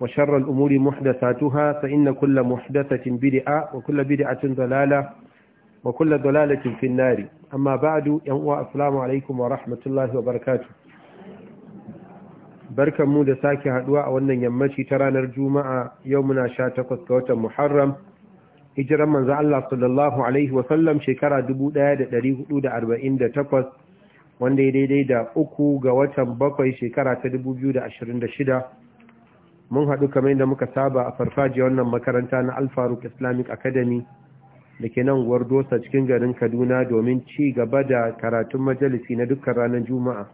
وشر الأمور محدثاتها فإن كل محدثة بدعة وكل بدعة ضلالة وكل ضلالة في النار أما بعد ينوى السلام عليكم ورحمة الله وبركاته بركة مودة ساكي هدواء وانا يمشي ترى نرجو مع يومنا شاتق سكوتا محرم hijiran manzo Allah sallallahu alaihi wa sallam shekara 1448 wanda ya daidai da uku ga watan bakwai shekara ta 2026 mun haɗu kamar yadda muka saba a farfajiya wannan makaranta na alfaruk islamic academy da ke nan gwardosa cikin garin kaduna domin ci gaba da karatun majalisi na dukkan ranar juma'a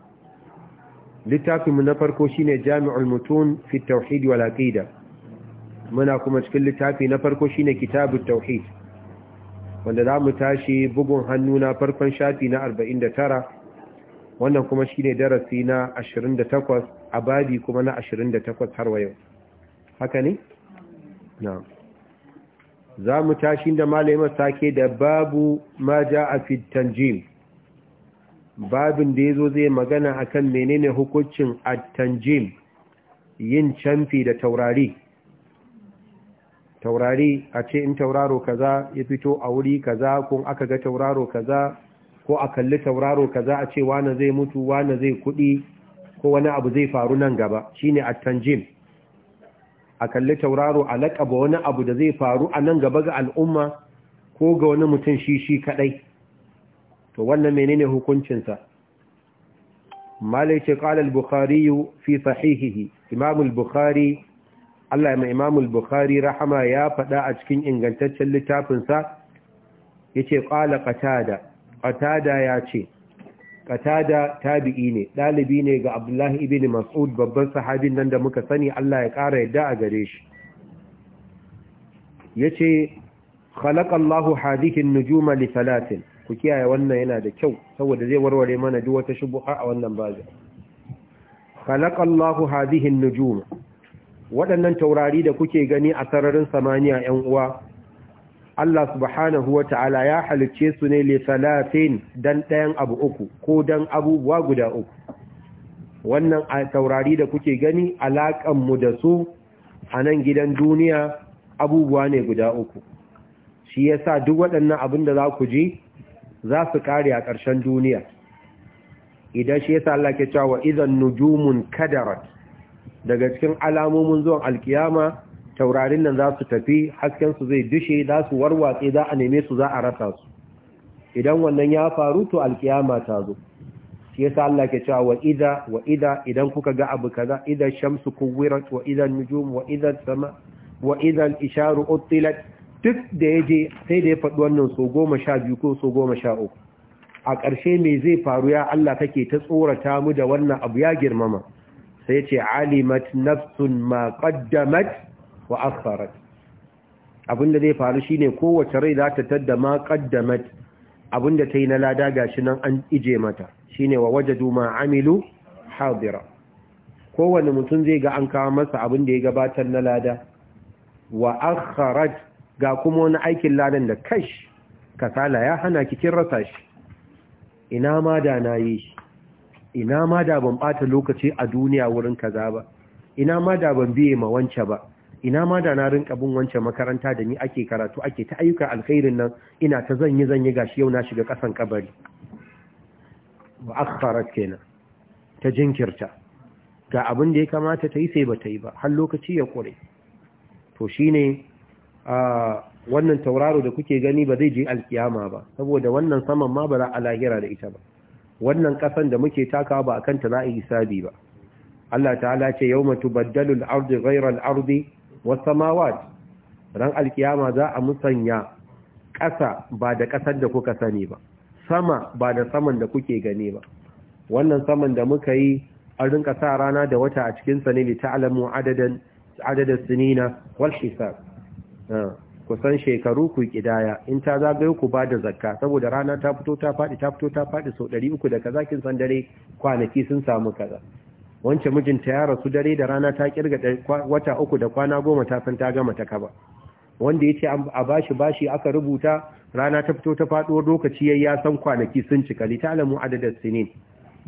littafinmu na farko shi ne jami'ul mutum fi tauhid wal aqida muna kuma cikin littafi na farko shi ne kitabun tauhid wanda za mu tashi bugun hannu na farkon shafi na da tara. wannan kuma shi ne darasi na 28 a babi kuma na 28 har wayo haka ne na za mu tashi da malamin sake da babu ma ja a fitan, Jim, babin da ya zo zai magana a kan menene hukuncin a tanjim yin canfi da taurari taurari a ce in tauraro kaza ya fito a wuri kaza kun aka ga tauraro kaza ko a kalli tauraro kaza a ce wane zai mutu wane zai kuɗi ko wani abu zai faru nan gaba shine at-tanjim a kalli tauraro a laƙaba wani abu da zai faru a nan gaba ga al'umma ko ga wani mutum shi shi kaɗai to wannan menene hukuncinsa malai ce ƙalal bukhari fi sahihihi imamul bukhari Allah mai imamul bukhari rahama ya faɗa a cikin ingantaccen littafinsa ya ce ƙala katada. qatada ya ce qatada tabi'i ne dalibi ne ga abdullahi ibn mas'ud babban sahabin nan da muka sani Allah ya kara yadda a gare shi yace khalaqa Allahu hadhihi an-nujuma li thalathin ku kiyaye wannan yana da kyau saboda zai warware mana duk wata shubha a wannan bazai khalaqa hadhihi an-nujuma waɗannan taurari da kuke gani a sararin samaniya 'yan uwa Allah subhanahu ta'ala ya halicce su ne le salatin dan ɗayan abu uku ko dan abubuwa guda uku wannan taurari da kuke gani alaƙan mu da su a nan gidan duniya abubuwa ne guda uku shi yasa duk waɗannan abin da za ku ji za su kare a ƙarshen duniya idan shi yasa Allah ke cewa idan nujumun kadarat daga cikin alamomin zuwan alkiyama taurarin nan za su tafi su zai dushe za su warwatse za a neme su za a rasa su idan wannan ya faru to alkiyama ta zo shi yasa Allah ke cewa wa idza wa idza idan kuka ga abu kaza idan shamsu kuwirat wa idha nujum wa idha sama wa idha al-isharu utilat duk da yaje sai da ya faɗi wannan so 12 ko so 13 a ƙarshe me zai faru ya Allah kake ta tsorata mu da wannan abu ya girmama sai ce alimat nafsun ma qaddamat wa akharat abinda zai faru shine kowace rai za ta tadda ma qaddamat abinda tayi na lada gashi nan an ije mata shine wa wajadu ma amilu hadira kowanne mutum zai ga an kawo masa abin da ya gabatar na lada wa ga kuma wani aikin ladan da kash kasala ya hana ki kin rasa shi ina ma da nayi shi ina ma da ban bata lokaci a duniya wurin kaza ba ina ma da ban biye ma wance ba ina ma da na rinka bin wancan makaranta da ni ake karatu ake ta ayyukan alkhairin nan ina ta zanyi zanyi gashi yau na shiga kasan kabari ba akharat kenan ta jinkirta ga abin da ya kamata ta yi sai ba ta yi ba har lokaci ya kure to shine a wannan tauraro da kuke gani ba zai je alkiyama ba saboda wannan saman ma ba za a lahira da ita ba wannan kasan da muke takawa ba akan ta za a yi hisabi ba Allah ta'ala ce yawma tubaddalu al-ardu ghayra al-ardi wasamawat ran alkiyama za a musanya ƙasa ba da ƙasar da kuka sani ba sama ba da saman da kuke gani ba wannan saman da muka yi a rinka sa rana da wata a cikin sa ne li ta'lamu adadan adadus sinina wal hisab ah, ku san shekaru ku kidaya in ta zagayo ku ba da zakka saboda rana ta fito ta fadi ta fito ta fadi so 300 da kaza kin san dare kwanaki sun samu kaza wance mijinta ya rasu dare da rana ta kirga wata uku da kwana goma ta san ta gama ta kaba wanda ya ce a bashi bashi aka rubuta rana ta fito ta faɗo lokaci ya san kwanaki sun cika litalamu adadin sinin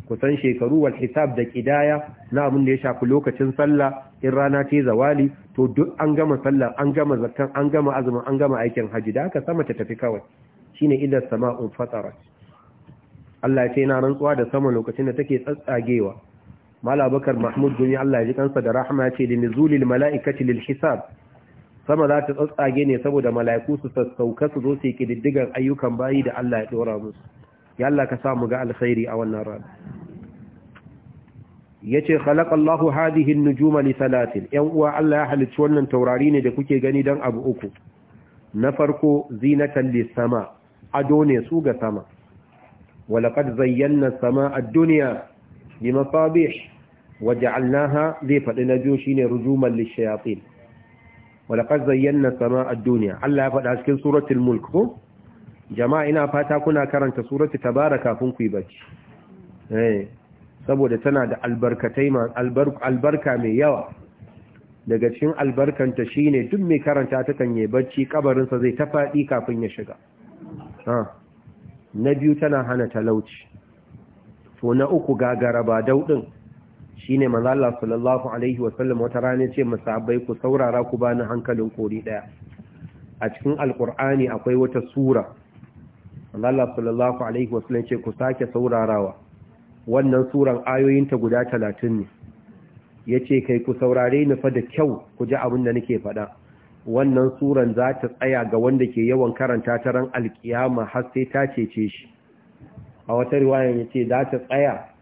kusan shekaru wal hisab da kidaya na abin da ya shafi lokacin sallah in rana ta zawali to duk an gama sallah an gama zakkan an gama azumin an gama aikin haji da aka sama ta tafi kawai shine idda sama'un fatarat Allah ya ce na rantsuwa da sama lokacin da take tsatsagewa mala bakar mahmud duniya Allah ya ji kansa da rahama ce da nuzulil mala'ikati lil hisab sama za ta tsatsage ne saboda mala'iku su sassauka su zo su kididdigan ayyukan bayi da Allah ya dora musu ya Allah ka sa mu ga alkhairi a wannan rana ce khalaqallahu hadhihi an-nujuma li salatin yan uwa Allah ya halicci wannan taurari ne da kuke gani dan abu uku na farko zinatan lis-sama ado ne su ga sama wa laqad zayyana as-samaa ad-dunya bi masabih waja'alnaha zai faɗi na biyu shine rujuman lishayatin walaqad zayyana sama'a a duniya. Allah ya faɗa cikin suratul mulk ko jama'a ina fata kuna karanta suratul tabara kafin ku yi bacci saboda tana da albarkatai albarka mai yawa daga cikin albarkanta shine duk mai karanta ta kan yi bacci kabarinsa zai ta faɗi kafin ya shiga na biyu tana hana talauci to na uku gagara ba daudin shine ne Allah sallallahu alaihi wa wata rana ce musabbai ku saurara ku bani hankalin kori daya a cikin Alƙur'ani akwai wata sura Mazala sallallahu alaihi wa ce ku sake saurarawa wannan suran ayoyinta guda talatin ne Ya ce kai ku saurare ni fa da kyau ku ji abin da nake faɗa wannan suran za ta tsaya ga wanda ke yawan karanta ta ran alkiyama har sai ta cece shi a wata riwaya ce za ta tsaya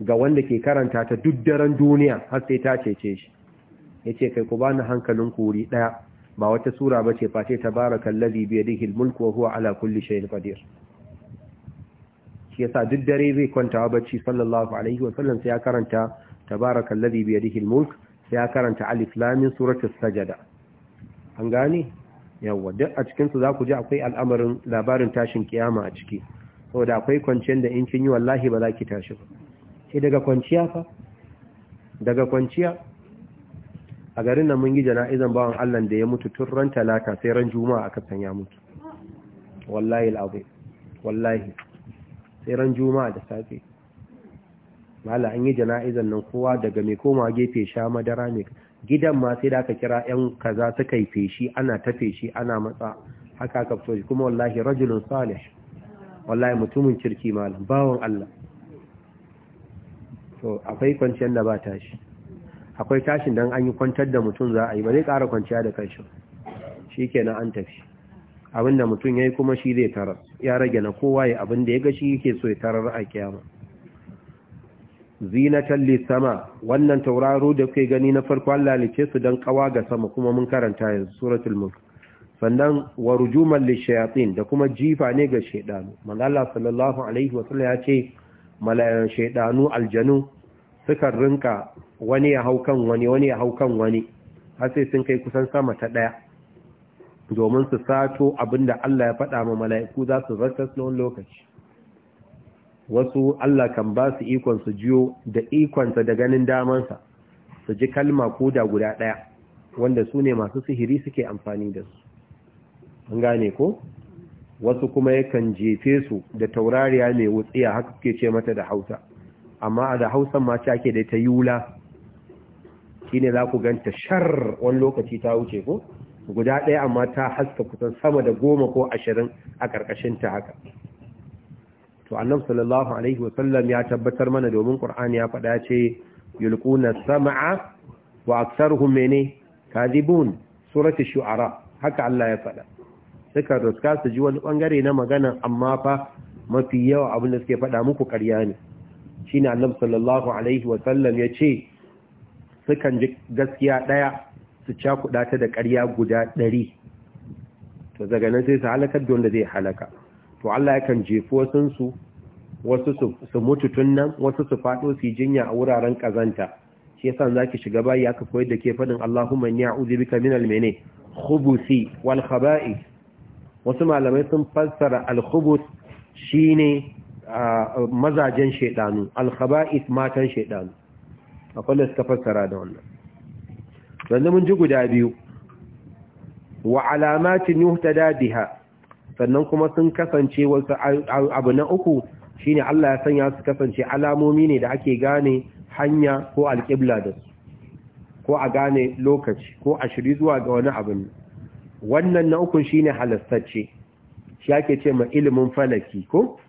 ga wanda ke karanta ta duk daren duniya har sai ta cece shi Ya ce kai ku bani hankalin ku wuri daya ba wata sura ba ce face ta bara kallabi yadihi al-mulku wa huwa ala kulli shay'in qadir shi yasa duk dare zai kwanta bacci sallallahu alaihi wa sallam sai ya karanta tabarakal ladhi bi yadihi al-mulk sai ya karanta alif lam min suratul sajada an gane yawa duk a cikin su zaku ji akwai al'amarin labarin tashin kiyama a ciki saboda akwai kwanciyar da in kin yi wallahi ba za ki tashi ba ce daga kwanciya fa daga kwanciya a garin nan mun yi jana'izan bawan Allah da ya mutu tun ran talata sai ran juma'a aka san ya mutu wallahi alazim wallahi sai ran juma'a da safe mala an yi jana'izan nan kowa daga mai koma gefe sha madara ne gidan ma sai da aka kira yan kaza suka yi feshi ana ta feshi ana matsa haka aka fito kuma wallahi rajulun salih wallahi mutumin kirki malam bawan Allah to akwai kwanciyar da ba tashi akwai tashin dan an yi kwantar da mutum za a yi ba zai ƙara kwanciya da kanshi shi kenan an tafi abin da mutum ya yi kuma shi zai tarar ya rage na kowa ya abin da ya ga shi yake so ya tarar a kiyama zinatan lissama wannan tauraro da kai gani na farko Allah lice su don kawa ga sama kuma mun karanta yanzu suratul mulk sannan wa rujuman lishayatin da kuma jifa ne ga shaidanu manzo Allah sallallahu alaihi wa sallam ya ce malayan shaidanu aljanu suka rinka wani ya hau kan wani wani ya hau kan wani har sai sun kai kusan sama ta ɗaya domin su sato abinda Allah ya faɗa ma mala'iku za su su tsawon lokaci wasu Allah kan ba su ikon su jiyo da ikonsa da ganin damansa su ji kalma ko da guda ɗaya wanda su ne masu sihiri suke amfani da su an gane ko wasu kuma yakan jefe su da taurariya mai wutsiya haka suke ce mata da hausa amma a da hausan ma ce ake da ta yula ne za ku ganta shar wani lokaci ta wuce ko guda ɗaya amma ta haska kusan sama da goma ko ashirin a ƙarƙashin ta haka to annabi sallallahu alaihi wasallam ya tabbatar mana domin qur'ani ya faɗa ce yulquna sam'a wa aktsaruhum mene kadibun surati shu'ara haka Allah ya faɗa suka ruska su ji wani ɓangare na magana amma fa mafi yawa abin da suke faɗa muku ƙarya ne Shi shine annabi sallallahu alaihi wa sallam yace sukan ji gaskiya ɗaya su cakuɗa ta da ƙarya guda ɗari to daga sai su halakar da wanda zai halaka to Allah yakan jefo wasunsu wasu su mutu tun nan wasu su faɗo su jinya a wuraren ƙazanta shi yasa za ki shiga bayi aka koyar da ke faɗin Allahumma ni a'udhu bika min al-mene hubusi wal wasu malamai sun fassara al shi shine mazajen shaidanu alkhaba'is matan shaidanu akwai da suka fassara da wannan sannan mun ji guda biyu wa alamatin yuhtada biha sannan kuma sun kasance wasu abu na uku shine Allah ya sanya su kasance alamomi ne da ake gane hanya ko alƙibla da su ko a gane lokaci ko a shiri zuwa ga wani abu. wannan na uku shine halastacce shi ake ce ma ilimin falaki ko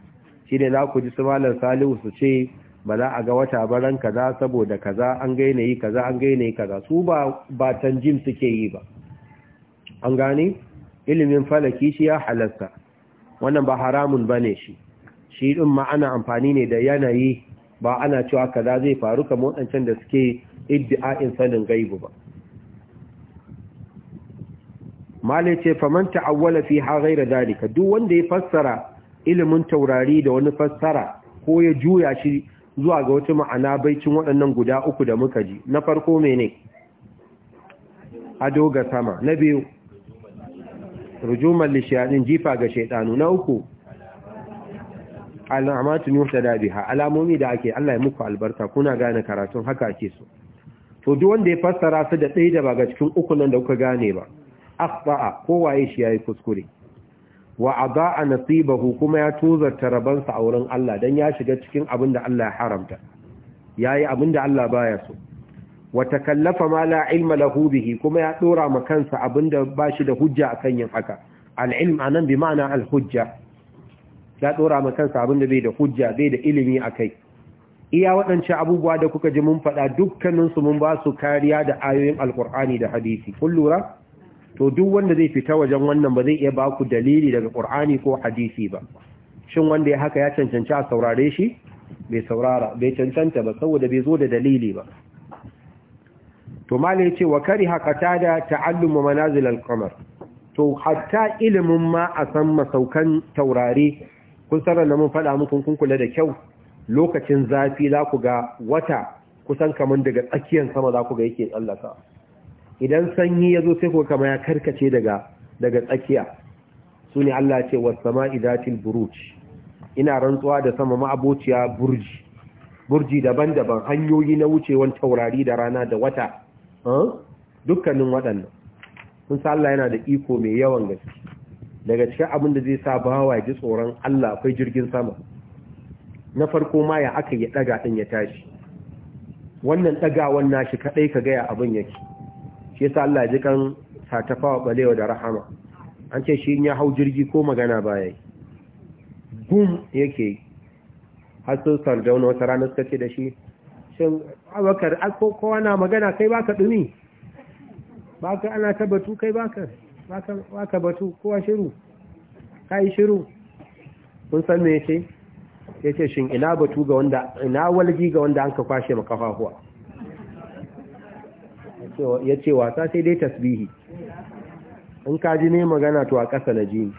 shine na ku ji su malam salihu su ce ba za a ga wata baran kaza saboda kaza an gaina yi kaza an gaina yi kaza su ba ba tanjim suke yi ba an gane ilimin falaki shi ya halasta wannan ba haramun bane shi shi din ma ana amfani ne da yanayi ba ana cewa kaza zai faru kamar wadancan da suke iddi'a'in sanin gaibu ba malai ce faman ta'awwala fi ha ghaira dalika duk wanda ya fassara ilimin taurari da wani fassara ko ya juya shi zuwa ga wata ma'ana baicin waɗannan guda uku da muka ji na farko mene ado ga sama na biyu rujumar lishiyadin jifa ga shaidanu na uku alamatun yau da biha alamomi da ake Allah ya muku albarka kuna gane karatun haka ake so to duk wanda ya fassara su da ɗaya da ba ga cikin uku nan da kuka gane ba akhta'a kowaye shi yayi kuskure wa a nasibahu kuma ya tozarta rabansa a wurin Allah dan ya shiga cikin abin da Allah ya haramta yayi abin da Allah baya so wa ma la ilma lahu bihi kuma ya dora ma kansa abin da shi da hujja akan yin haka Al'ilm a nan bi ma'ana al-hujja ya dora ma kansa abin da bai da hujja bai da ilimi akai iya waɗancan abubuwa da kuka ji mun faɗa dukkaninsu mun ba su kariya da ayoyin alkur'ani da hadisi kun lura to duk wanda zai fita wajen wannan ba zai iya ba ku dalili daga ƙur'ani ko hadisi ba shin wanda ya haka ya cancanci a saurare shi bai saurara bai cancanta ba saboda bai zo da dalili ba to malai ce wa ta da ta'allumu manazil al-qamar to hatta ilimin ma a san masaukan taurari kun sanar da mun faɗa muku kun kula da kyau lokacin zafi za ku ga wata kusan kamar daga tsakiyar sama za ku ga yake tsallaka idan sanyi ya zo sai ko kama ya karkace daga daga tsakiya su ne Allah ce wasu sama'i idatil buruj ina rantsuwa da sama ma'abociya burji burji daban-daban hanyoyi na wucewan taurari da rana da wata dukkanin waɗannan sun sa Allah yana da iko mai yawan gaske daga cikin abin da zai sa bawa ji tsoron Allah akwai jirgin sama na farko ma ya aka ya ɗaga ɗin ya tashi wannan ɗagawan nashi kaɗai ka gaya abin yake shi yasa Allah ji kan satafawa balewa da rahama an ce shi ya hau jirgi ko magana baya gum yake yi har sun sardauna wata rana suka ce da shi shin abakar kowa na magana kai baka dumi baka ana ta batu kai baka baka batu kowa shiru kai shiru kun san me ce yace shin ina batu ga wanda ina walgi ga wanda an ka kwashe makafafuwa ya ce wasa sai dai tasbihi in ka ji ne magana to a ƙasa na ji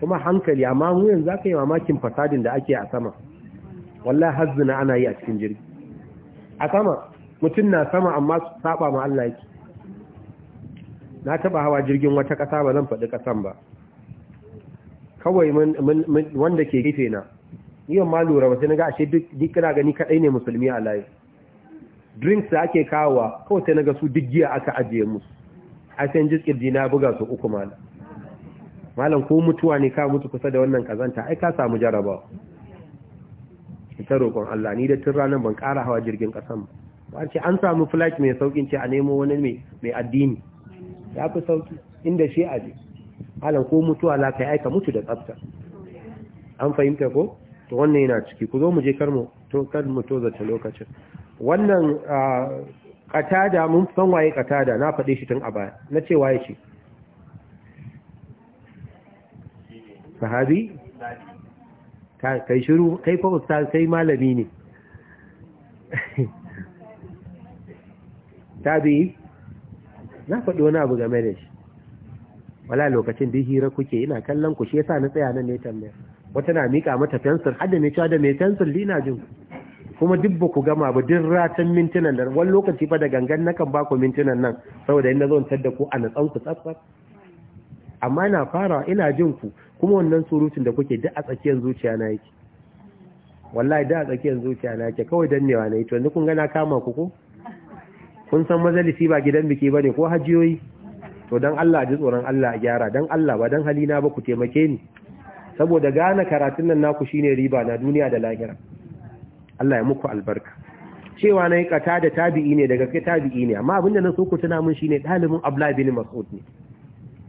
kuma hankali amma wuyan za ka yi mamakin fasadin da ake a sama wallahi hazzina ana yi a cikin jirgi a sama mutum na sama amma saba ma Allah yake na taba hawa jirgin wata ƙasa ba zan faɗi ƙasan ba kawai wanda ke gife na yi ma lura wasu na ga ashe duk kira gani kaɗai ne musulmi a layi drinks da ake kawowa kawai sai naga su duk giya aka ajiye musu a san ji kirji na buga su uku malam malam ko mutuwa ne ka mutu kusa da wannan kazanta ai ka samu jaraba ta roƙon Allah ni da tun ranar ban ƙara hawa jirgin ƙasan ba ce an samu flight mai saukin ce a nemo wani mai addini ya fi sauki inda shi a je. malam ko mutuwa la kai aika mutu da tsafta an fahimta ko to wannan yana ciki ku zo mu je kar mu to kar mu to zata lokacin wannan katada mun san waye katada na faɗe shi tun a baya na ce waye shi sahabi kai shiru kai fa ustaz kai malami ne tabi na faɗi wani abu game da shi wala lokacin da hira kuke ina kallon ku shi yasa na tsaya nan ne tambaya wata na mika mata fensir hadda mai cewa da mai fensir dina jin kuma duk ba ku gama ba duk ratan mintunan nan wani lokaci fa da gangan nakan ba ku mintunan nan saboda inda zan tar da ku a natsan ku tsatsar amma na fara ina jin ku kuma wannan surutun da kuke duk a tsakiyar zuciya na yake wallahi duk a tsakiyar zuciya na yake kawai dannewa na yi to kun gana na kama ku ko kun san majalisi ba gidan biki ba ne ko hajiyoyi to dan Allah ji tsoron Allah a gyara dan Allah ba dan halina ba ku taimake ni saboda gane karatun nan naku shine riba na duniya da lahira Allah ya muku albarka cewa na yi kata da tabi'i ne daga kai tabi'i ne amma abinda na so ku tuna mun shine dalibin Abdullahi bin Mas'ud ne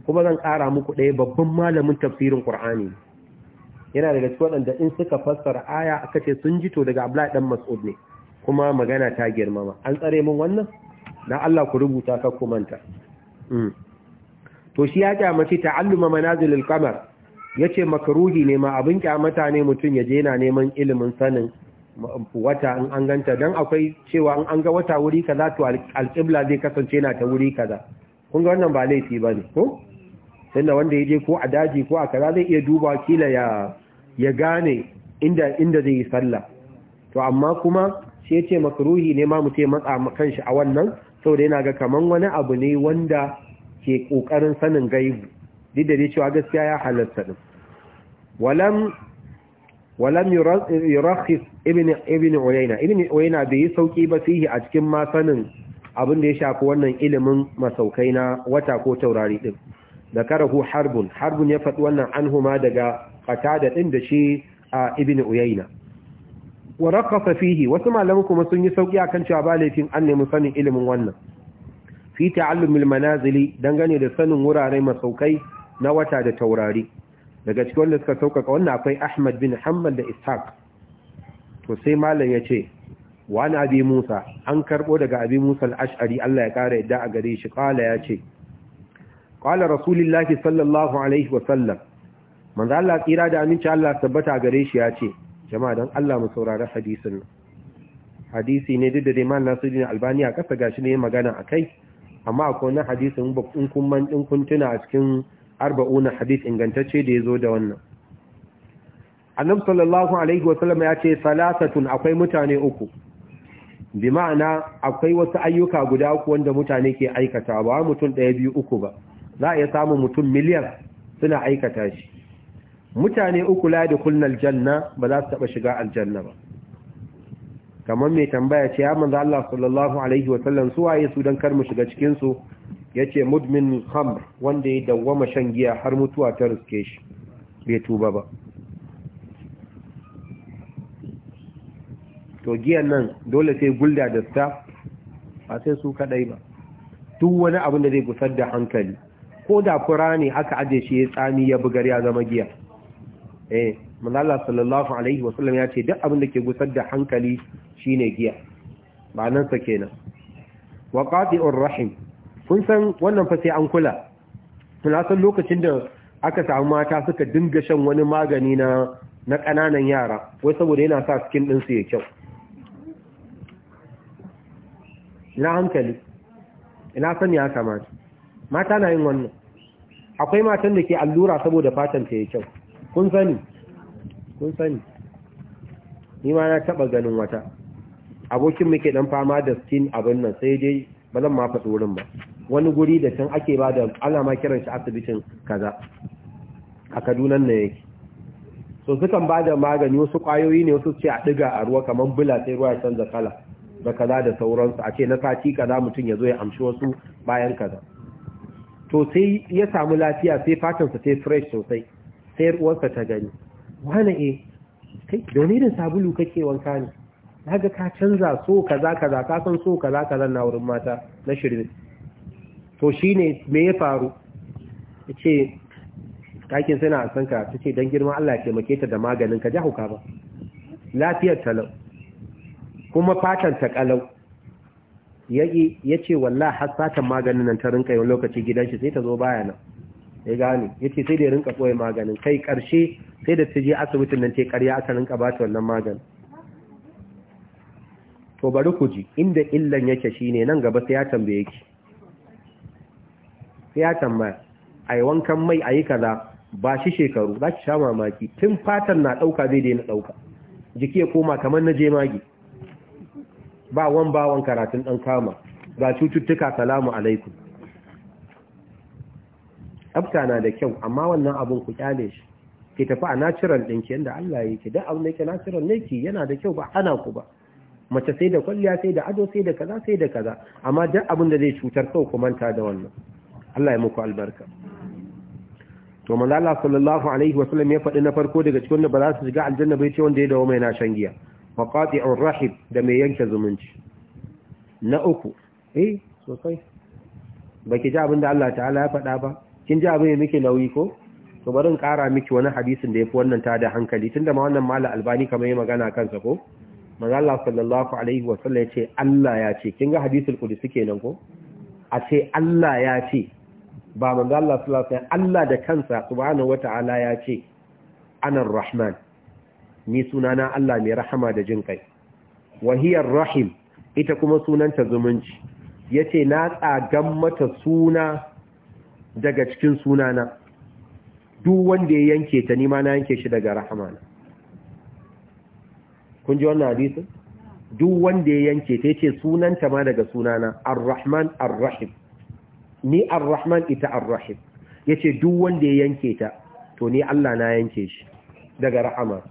kuma zan ƙara muku ɗaya babban malamin tafsirin Qur'ani yana daga cikin waɗanda in suka fassara aya aka ce sun to daga Abdullahi dan Mas'ud ne kuma magana ta girmama an tsare mun wannan dan Allah ku rubuta ka ku manta hmm. to shi ya mace ta'alluma manazilil qamar yace makruhi ne ma abin kyamata ne mutun ya je yana neman ilimin sanin wata in an ganta don akwai cewa in an ga wata wuri kaza to qibla zai kasance na ta wuri kaza kun ga wannan ba laifi ba ne ko tunda wanda ya je ko a daji ko a kaza zai iya duba kila ya ya gane inda inda zai yi sallah to amma kuma sai ya ce makruhi ne ma mutum matsa kanshi a wannan saboda yana ga kaman wani abu ne wanda ke kokarin sanin gaibu duk da dai cewa gaskiya ya halatta din walam walam yurakhis ibn ibn uyayna ibn uyayna bai yi sauki ba fihi a cikin masanin sanin abin da ya shafi wannan ilimin masaukai na wata ko taurari ɗin. da karahu Harbin. harbun ya faɗi wannan anhuma daga qatada din da shi ibn uyayna wa raqasa fihi wasu malaman kuma sun yi sauki akan cewa ba laifin an nemi sanin ilimin wannan Fita ta'allumil manazili dangane da sanin wurare masaukai na wata da taurari daga cikin wanda suka sauƙaƙa wannan akwai ahmad bin hammal da ishaq to sai malam ya ce na abi musa an karɓo daga abi musa al'ash'ari allah ya ƙara yadda a gare shi ƙwala ya ce ƙala rasulillahi sallallahu alaihi wasallam manzo allah tsira da amince allah tabbata gare shi ya ce jama'a don allah mu saurari hadisin hadisi ne duk da dai malam nasiru albani a kasa gashi ne magana a kai amma akwai wani hadisin in kun tuna a cikin arba'una hadith ingantacce da ya zo da wannan annab sallallahu alaihi wasallam ya ce salasatun akwai mutane uku bi ma'ana akwai wasu ayyuka guda uku wanda mutane ke aikata ba mutum ɗaya biyu uku ba za a iya samun mutum miliyan suna aikata shi mutane uku la da kulnal janna ba za su taɓa shiga aljanna ba kamar mai tambaya ce ya manzo Allah sallallahu alaihi wasallam su waye su dan kar mu shiga cikin su ya ce mudmin khamr wanda ya dawwama shan giya har mutuwa ta riske shi bai tuba ba to giyan nan dole sai gulda da sta ba sai su kadai ba duk wani abin da zai gusar da hankali ko da fura ne aka ajiye shi ya tsami ya bugar ya zama giya eh manzala sallallahu alaihi wasallam ya ce duk abin da ke gusar da hankali shine giya ba nan sa kenan wa qati'ur rahim kun san wannan fa sai an kula na san lokacin da aka samu mata suka dinga shan wani magani na na ƙananan yara wai saboda yana sa skin su ya kyau ina hankali ina san ya kamata mata na yin wannan akwai matan da ke allura saboda fatan ta ya kyau kun sani kun sani ni ma na taba ganin wata abokin muke ɗan fama da skin abin nan sai dai ba zan ma faɗi wurin ba wani guri da can ake ba da alama kiran shi asibitin kaza a kadunan na yake so sukan ba da magani wasu kwayoyi ne wasu ce a ɗiga a ruwa kamar bula sai ruwa ya canza kala da kaza da sauransu a ce na sati kaza mutum ya zo ya amshi wasu bayan kaza to sai ya samu lafiya sai fatansa sai fresh sosai sai ruwansa ta gani eh, wani e kai sabulu kake wanka ne na ga ka canza so kaza kaza ka san so kaza kaza na wurin mata na shirin to shi ne me ya faru ce kakin suna a sanka Ta ce don girman Allah ke taimake ta da maganin ka jahuka ba lafiyar talau kuma fatan ta kalau Ya ce walla har fatan maganin nan ta rinka yawan lokaci gidan shi sai ta zo baya nan ya gane ce sai da rinka tsoye maganin kai karshe sai da je asibitin nan ce ƙarya aka rinka ba ta wannan maganin to bari ku ji inda illan yake shine nan gaba sai ya tambaye ki sai ya tambaya a yi wankan mai a yi kaza ba shi shekaru za ki sha mamaki tun fatan na ɗauka zai daina ɗauka jiki ya koma kamar na jemagi ba wan bawan karatun ɗan kama ga cututtuka salamu alaikum tsafta na da kyau amma wannan abun ku kyale shi ki tafi a natural ɗinki yadda Allah ya ke, don abin da yake natural ne ki yana da kyau ba ana ku ba mace sai da kwalliya sai da ado sai da kaza sai da kaza amma duk abin da zai cutar kau ku manta da wannan Allah ya muku albarka to manzo Allah sallallahu alaihi wa sallam ya faɗi na farko daga cikin wanda ba za su shiga aljanna bai ce wanda ya dawo mai na shan giya wa qati'ur rahib da mai yanke zumunci na uku eh sosai ki ji abin da Allah ta'ala ya faɗa ba kin ji abin da muke nauyi ko to bari in ƙara miki wani hadisin da yafi wannan ta da hankali tunda ma wannan mala albani kamar yayi magana kansa ko manzo Allah sallallahu alaihi wa sallam ya ce Allah ya ce kin ga hadisul qudsi kenan ko a ce Allah ya ce ba manzo Allah sallallahu alaihi Allah da kansa subhanahu wataala ya ce ana rahman ni sunana Allah mai rahama da jin kai wahiyar rahim ita kuma sunanta zumunci yace na tsagan mata suna daga cikin sunana duk wanda ya yanke ta nima na yanke shi daga rahmana. kun ji wannan hadisin duk wanda ya yanke ta yace sunanta ma daga sunana ar-rahman ar-rahim ni ar-rahman ita ar-rahim yace duk wanda ya yanke ta to ni Allah na yanke shi daga rahama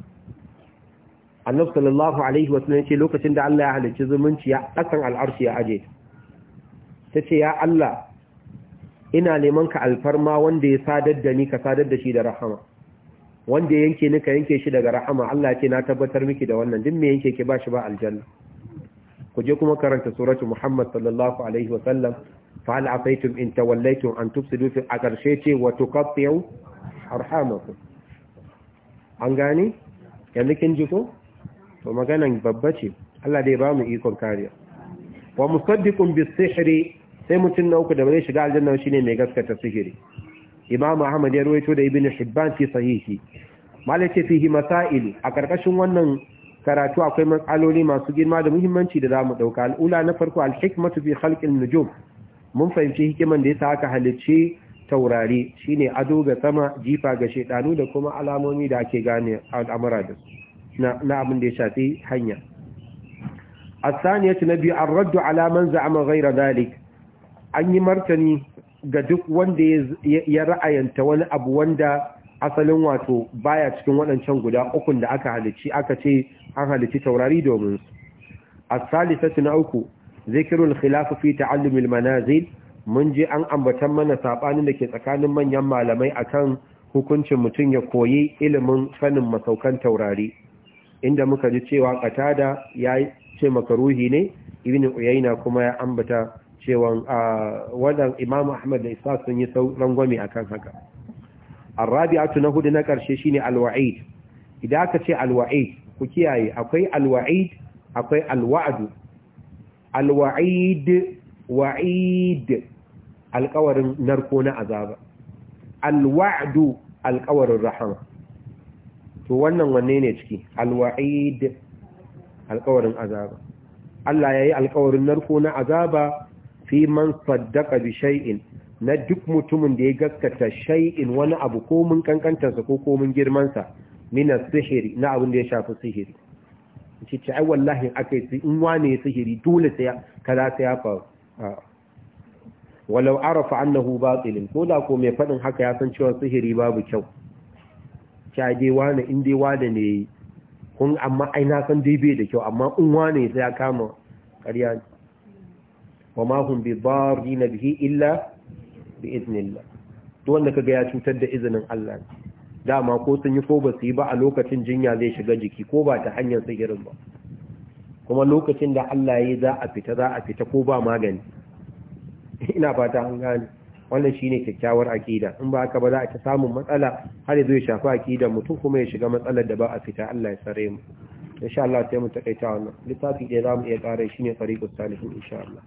annabi sallallahu alaihi wasallam yace lokacin da Allah ya halicci zumunci ya kasan al'arshi ya aje tace ya Allah ina neman ka alfarma wanda ya sadar da ni ka sadar da shi da rahama wanda ya yanke ni ka yanke shi daga rahama Allah ce na tabbatar miki da wannan duk me yanke ki ba shi ba aljanna ku je kuma karanta suratu Muhammad sallallahu alaihi wasallam fa hal in tawallaytum an tufsidu fi a ƙarshe ce wa tuqatti'u arhamakum an gane yanzu kin ji to maganan babba Allah dai ba mu ikon kariya wa musaddiqun bis sihri sai mutum na uku da bare shiga aljanna shine mai gaskata sihiri imam ahmad ya rawaito da ibnu hibban fi sahihi malaka fihi masail a karkashin wannan karatu akwai matsaloli masu girma da muhimmanci da zamu dauka al'ula na farko al-hikmatu fi khalqin nujum mun fahimci hikiman da yasa aka halicci taurari shine ado ga sama jifa ga shedanu da kuma alamomi da ake gane al'amura da na abin da ya shafi hanya saniya nabi ar-radd ala man za'ama ghayra dalik an yi martani ga duk wanda ya ra'ayanta wani abu wanda asalin wato baya cikin waɗancan guda ukun da aka halicci aka ce an halicci taurari domin su as-salisatu na uku zikirul khilafu fi ta'allumil manazil mun ji an ambatan mana sabanin da ke tsakanin manyan malamai akan hukuncin mutum ya koyi ilimin sanin masaukan taurari inda muka ji cewa katada ya ce makaruhi ne ibn uyayna kuma ya ambata cewa wadan imam ahmad da isa sun yi gwami akan haka Rabi'atu na hudu na karshe shine alwa'id idan aka ce alwa'id ku kiyaye akwai alwa'id akwai alwa'du alwa'id wa'id alƙawarin narko na azaba alwa'du alƙawarin rahama to wannan wanne ne ciki alwa'id alƙawarin azaba Allah ya yi alƙawarin narko na azaba fi man saddaka bi shay'in na duk mutumin da ya gaskata shay'in wani abu ko mun kankantarsa ko ko mun girmansa minas sihiri na abin da ya shafi sihiri ce ce ai wallahi aka yi in wane ya sihiri dole sai kaza sai ya faru walau arafa annahu batilin ko da ko mai fadin haka ya san cewa sihiri babu kyau cha dai wane in dai wane ne kun amma ai na san dai bai da kyau amma in wane sai ya kama ƙarya wa ma hum bi darrina bihi illa bi iznillah to wanda kaga ya cutar da izinin Allah ne dama ko sun yi ko ba su yi ba a lokacin jinya zai shiga jiki ko ba ta hanyar sihirin ba kuma lokacin da Allah ya yi za a fita za a fita ko ba magani ina fata an gane wannan shine kyakkyawar akida in ba haka ba za a ta samun matsala har zai shafi akida mutum kuma ya shiga matsalar da ba a fita Allah ya sare mu insha Allah sai mu takaita wannan littafi da zamu iya ƙara shine tariqus salihin insha Allah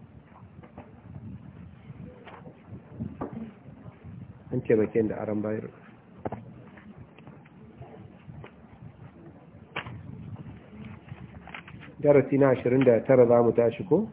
an ce bakin da aran bayar darasi na ashirin da tara za mu tashi ko